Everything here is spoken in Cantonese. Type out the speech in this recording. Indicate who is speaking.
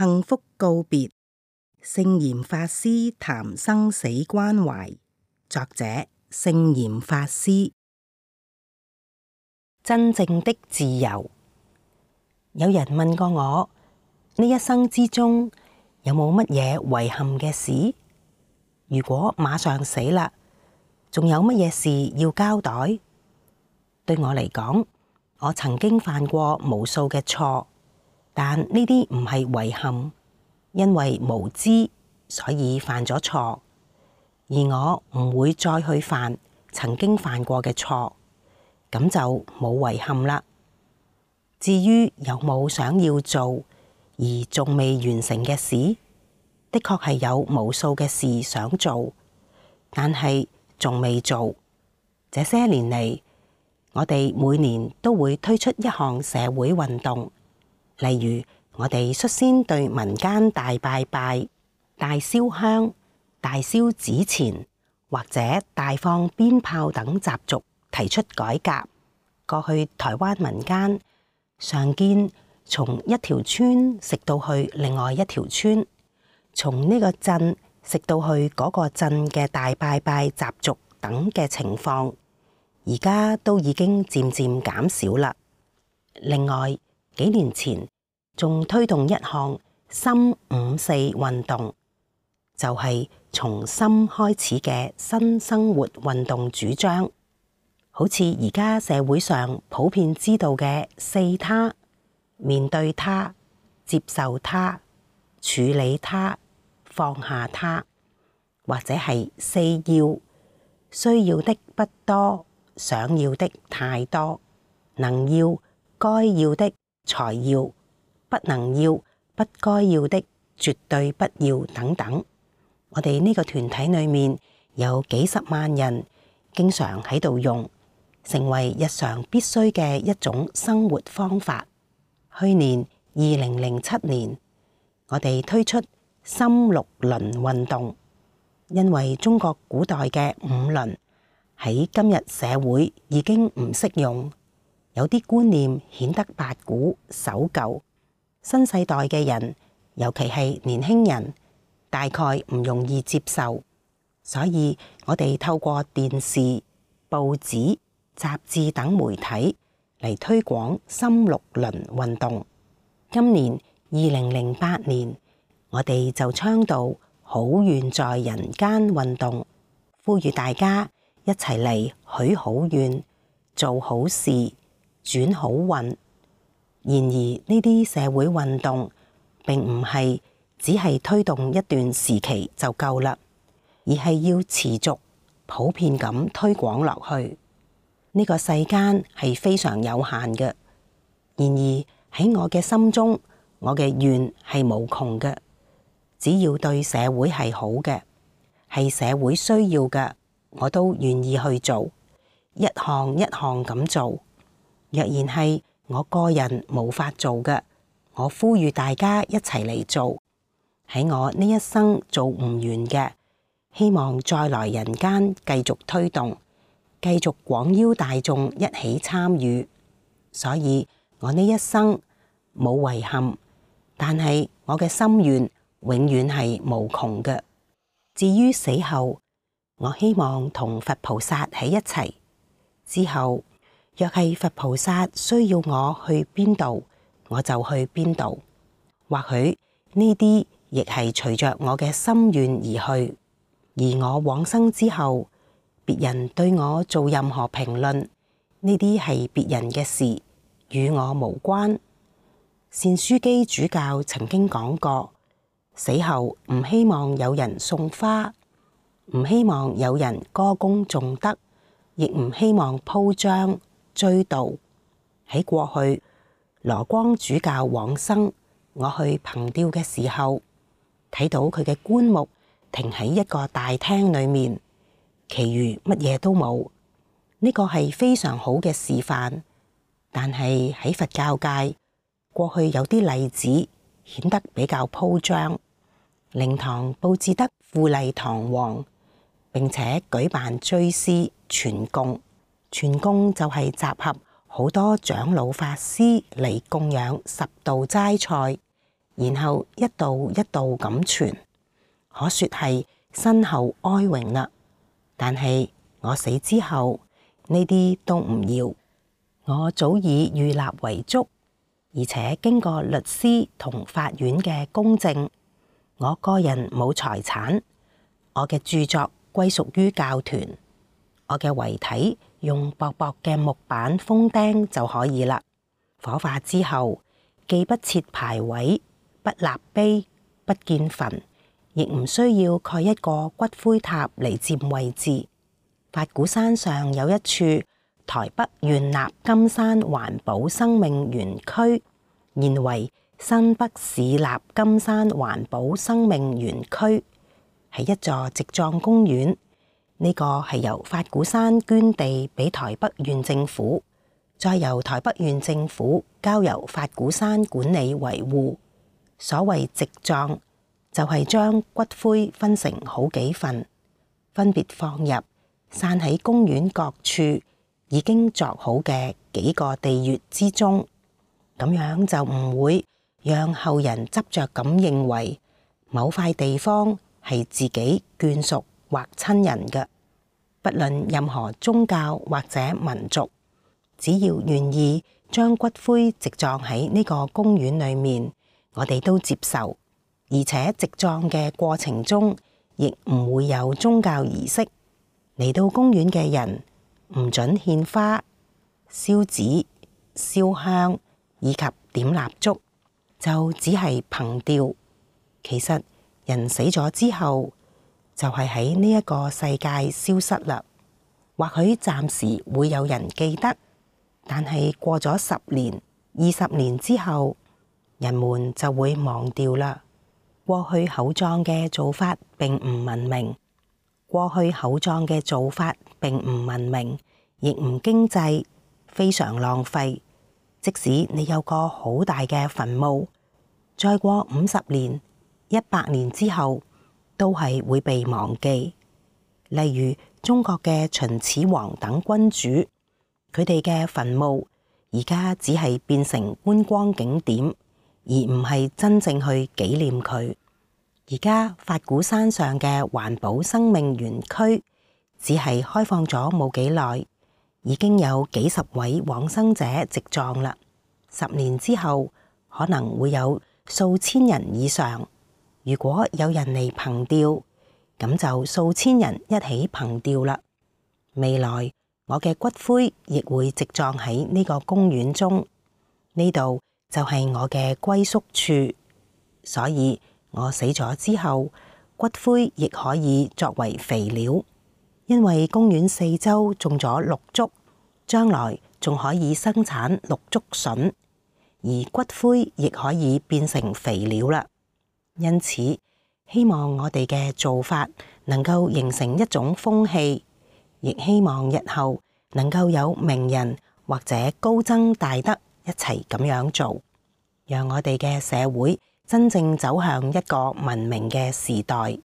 Speaker 1: 幸福告別，聖嚴法師談生死關懷。作者：聖嚴法師。真正的自由。有人問過我，呢一生之中有冇乜嘢遺憾嘅事？如果馬上死啦，仲有乜嘢事要交代？對我嚟講，我曾經犯過無數嘅錯。但呢啲唔係遺憾，因為無知所以犯咗錯，而我唔會再去犯曾經犯過嘅錯，咁就冇遺憾啦。至於有冇想要做而仲未完成嘅事，的確係有無數嘅事想做，但係仲未做。這些年嚟，我哋每年都會推出一項社會運動。例如，我哋率先對民間大拜拜、大燒香、大燒紙錢或者大放鞭炮等習俗提出改革。過去台灣民間常見從一條村食到去另外一條村，從呢個鎮食到去嗰個鎮嘅大拜拜習俗等嘅情況，而家都已經漸漸減少啦。另外，幾年前仲推動一項心五四運動，就係、是、從心開始嘅新生活運動主張，好似而家社會上普遍知道嘅四他，面對他、接受他、處理他、放下他，或者係四要，需要的不多，想要的太多，能要該要的。才要，不能要，不該要的絕對不要，等等。我哋呢個團體裏面有幾十萬人，經常喺度用，成為日常必須嘅一種生活方法。去年二零零七年，我哋推出心六倫運動，因為中國古代嘅五倫喺今日社會已經唔適用。有啲觀念顯得八股守舊，新世代嘅人，尤其係年輕人，大概唔容易接受，所以我哋透過電視、報紙、雜誌等媒體嚟推廣心六倫運動。今年二零零八年，我哋就倡導好願在人間運動，呼籲大家一齊嚟許好願，做好事。轉好運，然而呢啲社會運動並唔係只係推動一段時期就夠啦，而係要持續、普遍咁推廣落去。呢個世間係非常有限嘅，然而喺我嘅心中，我嘅願係無窮嘅。只要對社會係好嘅，係社會需要嘅，我都願意去做，一項一項咁做。若然係我個人無法做嘅，我呼籲大家一齊嚟做，喺我呢一生做唔完嘅，希望再來人間繼續推動，繼續廣邀大眾一起參與。所以我呢一生冇遺憾，但係我嘅心願永遠係無窮嘅。至於死後，我希望同佛菩薩喺一齊，之後。若係佛菩薩需要我去邊度，我就去邊度。或許呢啲亦係隨着我嘅心願而去。而我往生之後，別人對我做任何評論，呢啲係別人嘅事，與我無關。善樞機主教曾經講過：死後唔希望有人送花，唔希望有人歌功頌德，亦唔希望鋪張。追悼。喺過去羅光主教往生，我去憑吊嘅時候，睇到佢嘅棺木停喺一個大廳裏面，其餘乜嘢都冇。呢個係非常好嘅示範，但係喺佛教界，過去有啲例子顯得比較鋪張，靈堂佈置得富麗堂皇，並且舉辦追思傳供。傳供就係集合好多長老法師嚟供養十道齋菜，然後一道一道咁傳，可說係身後哀榮啦。但係我死之後呢啲都唔要，我早已預立遺囑，而且經過律師同法院嘅公證，我個人冇財產，我嘅著作歸屬於教團，我嘅遺體。用薄薄嘅木板封釘就可以啦。火化之後，既不設牌位，不立碑，不建墳，亦唔需要蓋一個骨灰塔嚟佔位置。法鼓山上有一處台北縣立金山環保生命園區，現為新北市立金山環保生命園區，係一座植葬公園。呢個係由法鼓山捐地俾台北縣政府，再由台北縣政府交由法鼓山管理維護。所謂植葬，就係、是、將骨灰分成好幾份，分別放入散喺公園各處已經作好嘅幾個地穴之中，咁樣就唔會讓後人執着咁認為某塊地方係自己眷屬。或親人嘅，不論任何宗教或者民族，只要願意將骨灰植葬喺呢個公園裏面，我哋都接受。而且直葬嘅過程中，亦唔會有宗教儀式。嚟到公園嘅人唔准獻花、燒紙、燒香以及點蠟燭，就只係憑吊。其實人死咗之後。就係喺呢一個世界消失啦。或許暫時會有人記得，但係過咗十年、二十年之後，人們就會忘掉啦。過去厚葬嘅做法並唔文明，過去厚葬嘅做法並唔文明，亦唔經濟，非常浪費。即使你有個好大嘅墳墓，再過五十年、一百年之後。都係會被忘記，例如中國嘅秦始皇等君主，佢哋嘅墳墓而家只係變成觀光景點，而唔係真正去紀念佢。而家法鼓山上嘅環保生命園區只係開放咗冇幾耐，已經有幾十位往生者植葬啦。十年之後可能會有數千人以上。如果有人嚟憑弔，咁就數千人一起憑弔啦。未來我嘅骨灰亦會直葬喺呢個公園中，呢度就係我嘅歸宿處。所以我死咗之後，骨灰亦可以作為肥料，因為公園四周種咗綠竹，將來仲可以生產綠竹筍，而骨灰亦可以變成肥料啦。因此，希望我哋嘅做法能夠形成一種風氣，亦希望日後能夠有名人或者高僧大德一齊咁樣做，讓我哋嘅社會真正走向一個文明嘅時代。